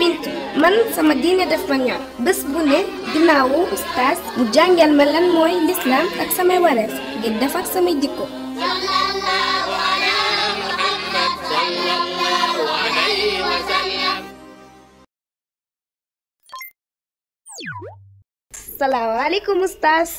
bintu man sama diine def ma ñor bés bu ne ginnaawu ustaas mu jàngal ma lan mooy lislaam ak samay wareef ngir defar samay jikko salaamaaleykum ustaas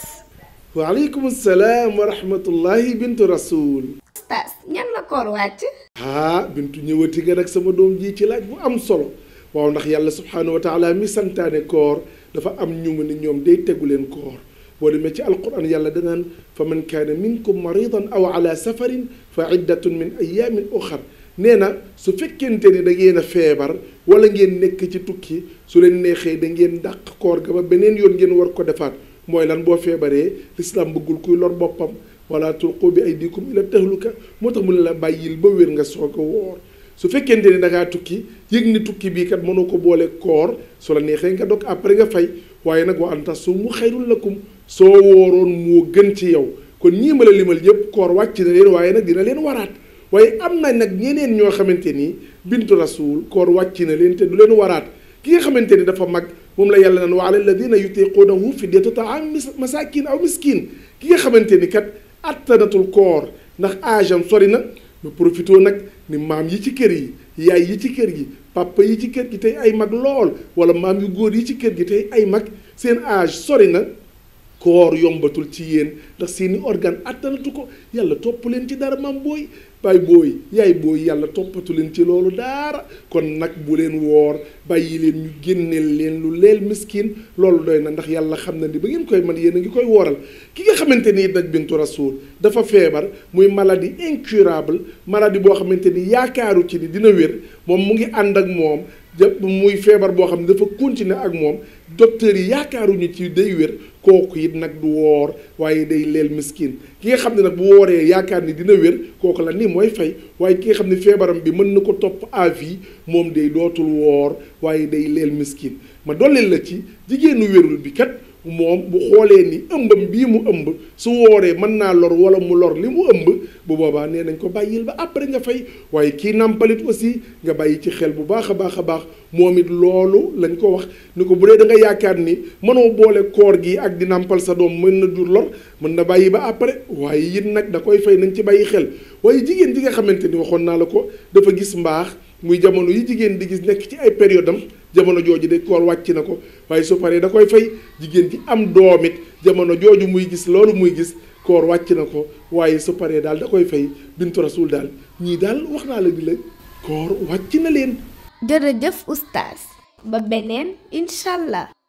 wa rahmatullahi bintu rasul ustaas ñan la koor wàcc ah, bintu ñëwati nga sama doom ji ci laaj bu am solo waaw ndax yàlla subhaanahu wa taala mi santaane koor dafa am ñu mu ne ñoom day tegu leen koor boo demee ci alquran yàlla danaan fa man kaana minkum maridan aw ala safarin fa iddatun min ayaamin oxar nee na su fekkente ni da ngeen a feebar wala ngeen nekk ci tukki su leen neexee da ngeen dàq koor ga ba beneen yoon ngeen war ko defaat mooy lan boo feebaree lislaam bëggul kuy lor boppam wala tulqu bi aydikum ila tahluka moo tax mu ne la bàyyil ba wér nga soog a woor su fekkente ni da ngaa tukki yëg ni tukki bii kat mënoo ko boole koor su la neexee nga dog après nga fay waaye nag wa an tasumuu xayrun lakum soo wooroon moo gën ci yow kon ñii ma la limal yëpp koor wàcc na leen waaye nag dina leen waraat waaye am na nag ñeneen ñoo xamante ni bintu rasul koor wàcci na leen te du leen waraat ki nga xamante ni dafa mag moom la yàlla naan wa ala alladina yutiquunahu fidyatu taam masakin aw miskin ki nga xamante ni kat attanatul koor ndax aajam sori na mu profité nag ni maam yi ci kër yi yaay yi ci kër gi papa yi ci kër gi tey ay mag lool wala maam yu góor yi ci kër gi tey ay mag seen âge sori na koor yombatul ci yéen ndax seeni organ attanatu ko yàlla topp leen ci dara maam booy baay booy yaay booy yàlla toppatu leen ci loolu daara kon nag bu leen woor bàyyi leen ñu génneel leen lu leel miskin loolu doy na ndax yàlla xam na ni ba ngeen koy man yéen a ngi koy wooral ki nga xamante ni nag bintu rasul dafa feebar muy maladie incurable maladie boo xamante ni yaakaaru ci ni dina wér moom mu ngi ànd ak moom jëpp muy feebar boo xam ne dafa continuer ak moom docteur yi yaakaaruñu ci day wér kooku it nag du woor waaye day leel miskin ki nga xam ne nag bu wooree yaakaar ni dina wér kooku la ni mooy fay waaye ki nga xam ne feebaram bi mën na ko topp à vie moom day dootul woor waaye day leel miskin ma dolleel la ci jigéenu wérul bi kat moom bu xoolee ni ëmbam bii mu ëmb su wooree mën naa lor wala mu lor li mu ëmb bu boobaa nee nañ ko bàyyil ba après nga fay waaye kii nàmpalit aussi nga bàyyi ci xel bu baax a baax a baax moom it loolu lañ ko wax ni ko bu dee da nga yaakaar ni mënoo boole koor gi ak di nàmpal sa doom mën na jur lor mën na bàyyi ba après waaye it nag da koy fay nañ ci bàyyi xel waaye jigéen ji nga xamante ni waxoon naa la ko dafa gis mbaax muy jamono yi jigéen di gis nekk ci ay période am jamono jooju de koor wàcc na ko waaye su paree da koy fay jigéen ji am doom jamono jooju muy gis loolu muy gis koor wàcc na ko waaye su paree daal da koy fay bintu rasul daal ñii daal wax naa la di la koor wàcc na leen. jërëjëf oustaz. ba beneen incha allah.